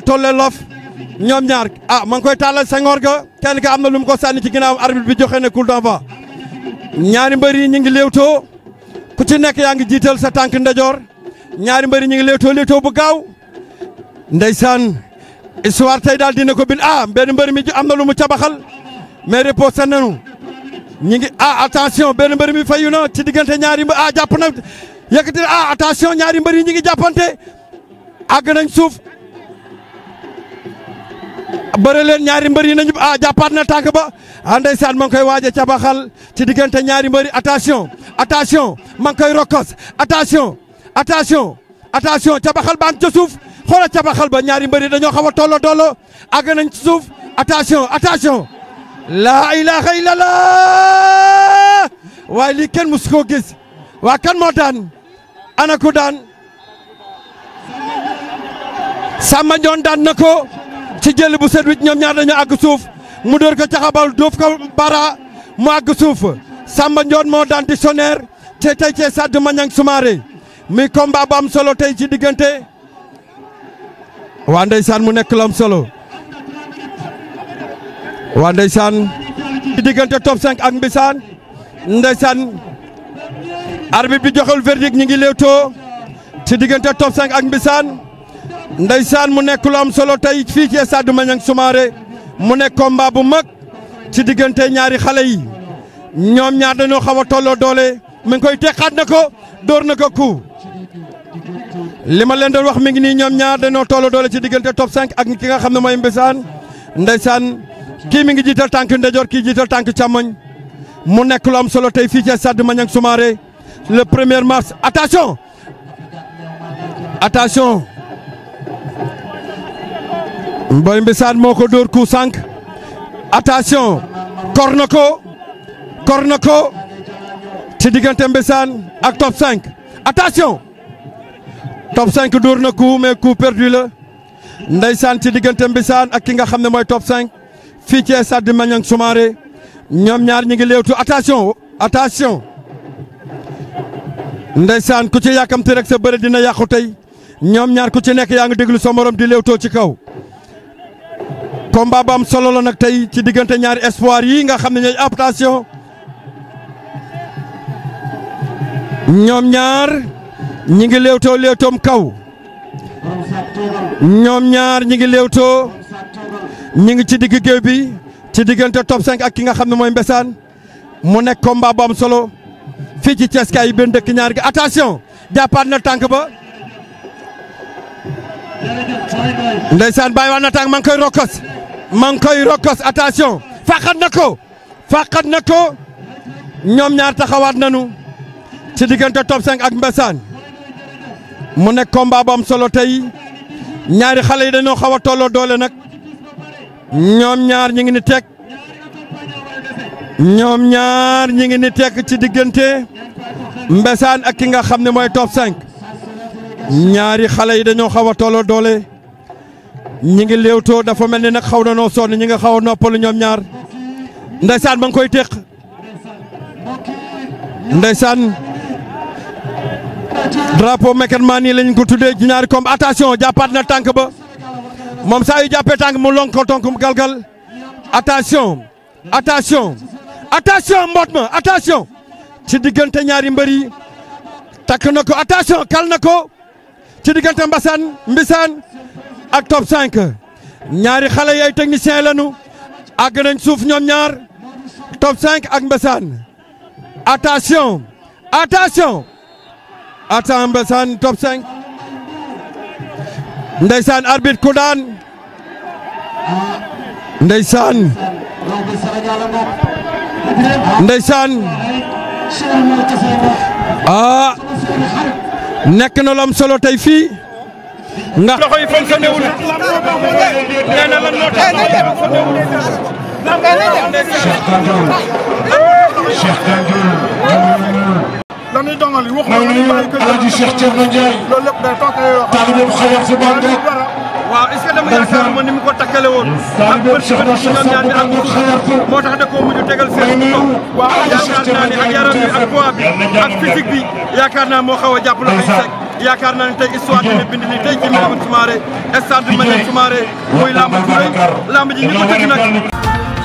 tolle loof ñoom ñaar ah ma ngi koy tàllal sengoor ga kenn ka am na lu mu ko sànni ci ginaaw arbitre bi joxe na coup d'envoi ñaari mbër yi ñu ngi léewtoo ku ci nekk yaa ngi jiital sa tànk ndejoor ñaari mbër yi ñu ngi léewtoo léewtoo bu gaaw ndeysaan histoire tey daal dina ko bind ah benn mbër mi am na lu mu cabaxal mais sa nañu ñu ngi ah attention benn mbër mi fayu na ci diggante ñaari mbër ah jàpp na yëkkati ah attention ñaari mbër yi ñu ngi jàppante àgg nañ suuf bëre leen ñaari mbër yi nañu ah jàppaat na tànk ba ah ndeysaan ma koy waaje a cabaxal ci diggante ñaari mbër yi attention attention ngi koy rokkos attention attention attention cabaxal ba ngi ca suuf xoola cabaxal ba ñaari mbër dañoo xaw a tollo tollo àgg nañ ci suuf attention attention laa ilaha illallah waaye lii kenn musu koo gis waa kan moo daan ana ku daan Samba Ndione daan na ci jël bu set wit ñom ñaar dañu ag suuf mu dóor ko xabal doof ko bara mu ag suuf Samba Ndione moo daan Dictionnaire te tey cee sàdd Maniang sumaré mi combat bu am solo tay ci digënté wa ndaysan mu nekk lam solo wa ndaysan ci top 5 ak mbissan ndaysan arbitre bi joxal verdict ñi ngi lewto ci digënté top 5 ak mbissan ndeysaan mu nekk lu am solo tey fii ci stade Maniang Soumaré mu nekk combat bu mag ci diggante ñaari xale yi ñoom ñaar dañoo xaw a tolloo doole mu ngi koy teqaat na ko dóor na ko ku li ma leen doon wax mi ngi nii ñoom ñaar dañoo tolloo doole ci diggante top 5 ak ki nga xam ne mooy Mbisaan ndeysaan kii mi ngi jiital tànk ndeyjoor kii jiital tànk càmmoñ mu nekk lu am solo tey fii ci stade Maniang Soumaré le premier mars attention attention. Mboy Mbissane moo ko dóor ku sànq attention kor na ko kor na ko ci diggante Mbissane ak top 5 attention top 5 dóor na ku mais ku perdu la ndeysaan ci diggante Mbissane ak ki nga xam ne mooy top 5 fii ci stade di Maniang Soumaré ñoom ñaar ñi ngi léewtu attention attention ndeysaan ku ci yàkkamti rek sa bëre dina yàqu tey ñoom ñaar ku ci nekk yaa ngi déglu sa morom di léewtoo ci kaw combat solo la nag tey ci diggante ñaari espoir yi nga xam ne ñooy aptation ñoom ñaar ñi ngi kaw ñaar ñi ngi ñi ngi ci digg bi ci diggante top 5 ak ki nga xam ne mooy mu combat solo fii ci Cees kaay benn ñaar gi attention jàppaat na ba ndeysaan Baye Wane attaque maa ngi koy rokkos maa ngi koy rokkos attention fàqat na ko fàqat na ko ñoom ñaar taxawaat nañu ci diggante top 5 ak Mbessane mu nekk combat bu solo tey ñaari xale yi dañoo xaw a tolloo doole nag ñoom ñaar ñi ngi ni teg ñoom ñaar ñi ngi ni teg ci diggante Mbessane ak ki nga xam ne mooy top 5. ñaari xale yi dañoo xaw a tolloo doole ñi ngi léewtoo dafa mel ni nag xaw na noo sonn ñi nga xaw a noppalu ñoom ñaar ndeysaan ba nga koy téq ndeysaan drapeau meken maan yi lañ ko tuddee ci ñaari comme attention jàppaat na tànk ba moom saa yu jàppee tànk mu lonk ko tonk mu galgal attention attention attention mboot ma attention ci diggante ñaari mbër yi takk na ko attention kal na ko ci diggante Mbassane Mbissane ak top 5 ñaari xale yay technicien lañu àgg nañ suuf ñoom ñaar top 5 ak Mbassane attention attention attan Mbassane top 5 ndeysaan ku daan ndeysaan ndeysaan ah nekk na lu solo tey fii. ndax loxo yi fonctionnéwul nee na lan waaw est-ce que dama yaakaar ma ni mu ko takkale woon ak bët bët ñoom ñaar ñi ak moo tax da koo mujj tegal seen bu waaw yaakaar naa ne ak yaram ak poids ak physique bi yaakaar naa moo xaw a jàpp loxo sec yaakaar naa ne tey histoire dina bind ni tey ci Maniang Soumaré stade Maniang Soumaré mooy lamb ju rëy lamb ji ñu ko